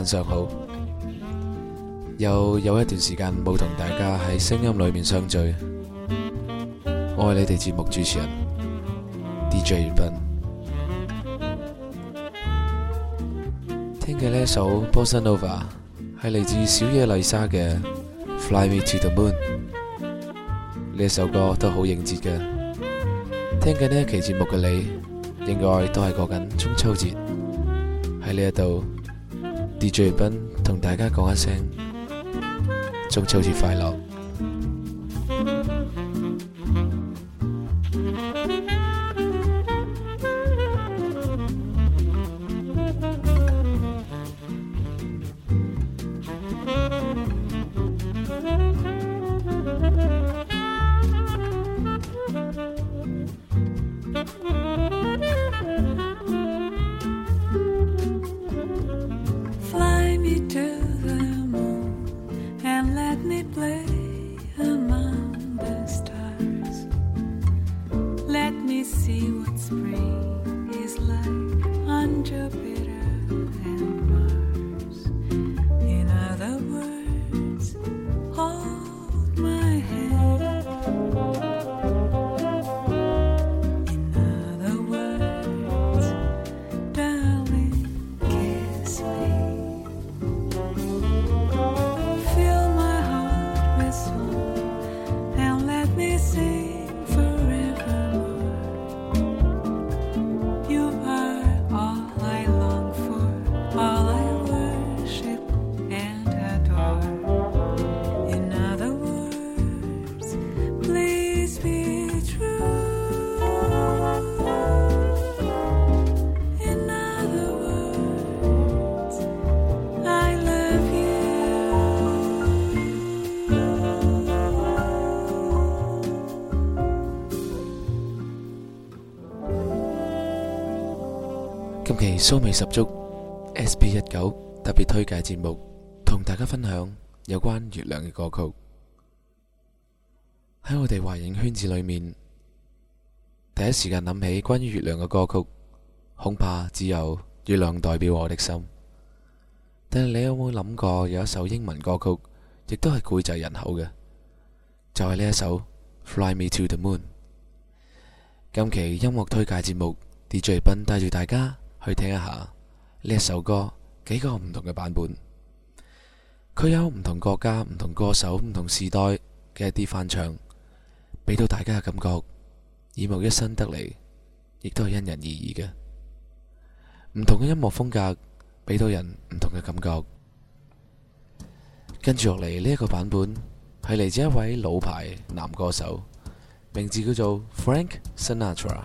晚上好，又有一段時間冇同大家喺聲音裏面相聚，我係你哋節目主持人 DJ 月餅。聽嘅呢一首 Bossa Nova 係嚟自小野麗莎嘅 Fly Me To The Moon，呢一首歌都好應節嘅。聽嘅呢一期節目嘅你，應該都係過緊中秋節喺呢一度。DJ 斌同大家講一聲，中秋節快樂。今期蘇味十足，SP 一九特別推介節目，同大家分享有關月亮嘅歌曲。喺我哋華影圈子裏面，第一時間諗起關於月亮嘅歌曲，恐怕只有《月亮代表我的心》。但係你有冇諗過有一首英文歌曲，亦都係膾炙人口嘅，就係呢一首《Fly Me to the Moon》。今期音樂推介節目，DJ 斌帶住大家。去聽一下呢一首歌，幾個唔同嘅版本，佢有唔同國家、唔同歌手、唔同時代嘅一啲翻唱，俾到大家嘅感覺耳目一新得嚟，亦都係因人而異嘅。唔同嘅音樂風格俾到人唔同嘅感覺。跟住落嚟呢一個版本係嚟自一位老牌男歌手，名字叫做 Frank Sinatra。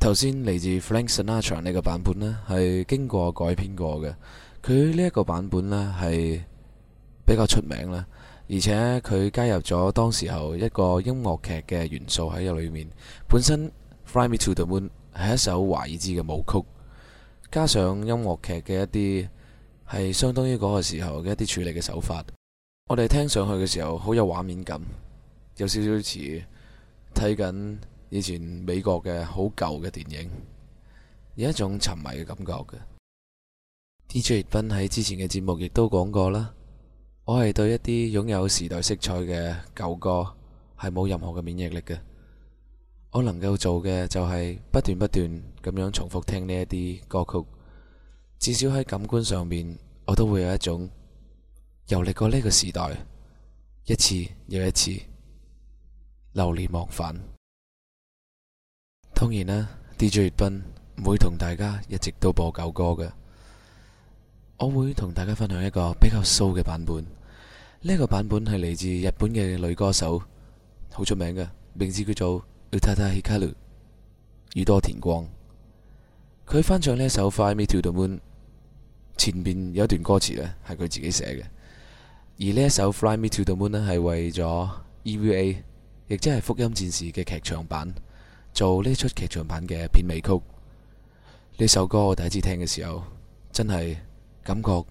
頭先嚟自 Frank Sinatra 呢個版本呢，係經過改編過嘅。佢呢一個版本呢，係比較出名啦，而且佢加入咗當時候一個音樂劇嘅元素喺入裏面。本身《Fly Me to the Moon》係一首華爾茲嘅舞曲，加上音樂劇嘅一啲係相當於嗰個時候嘅一啲處理嘅手法。我哋聽上去嘅時候，好有畫面感，有少少似。睇緊以前美國嘅好舊嘅電影，有一種沉迷嘅感覺嘅。D J 亦斌喺之前嘅節目亦都講過啦，我係對一啲擁有時代色彩嘅舊歌係冇任何嘅免疫力嘅。我能夠做嘅就係不斷不斷咁樣重複聽呢一啲歌曲，至少喺感官上面，我都會有一種遊歷過呢個時代，一次又一次。流連忘返。當然啦，D J 月餅唔會同大家一直都播舊歌嘅，我會同大家分享一個比較 soul 嘅版本。呢、這個版本係嚟自日本嘅女歌手，好出名嘅，名字叫做 Utada Hikaru 宇多田光。佢翻唱呢一首《Fly Me to the Moon》，前面有一段歌詞咧係佢自己寫嘅，而呢一首《Fly Me to the Moon》咧係為咗 E V A。亦即係《福音戰士》嘅劇場版，做呢齣劇場版嘅片尾曲。呢首歌我第一次聽嘅時候，真係感覺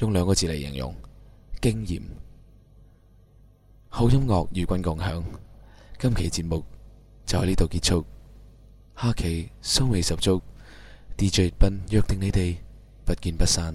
用兩個字嚟形容，驚艷。好音樂與君共享。今期節目就喺呢度結束。下期收尾十足。DJ 斌約定你哋不見不散。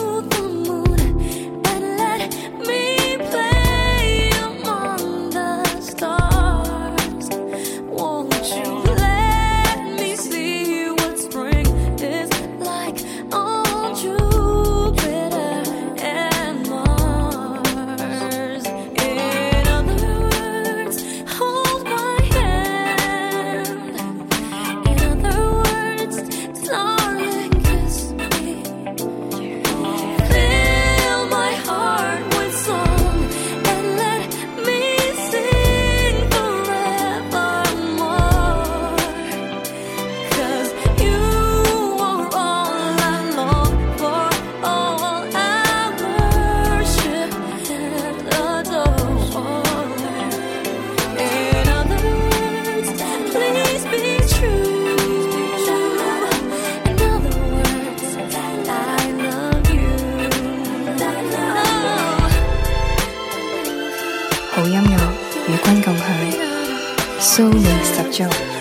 好音樂與君共享，soul 味十足。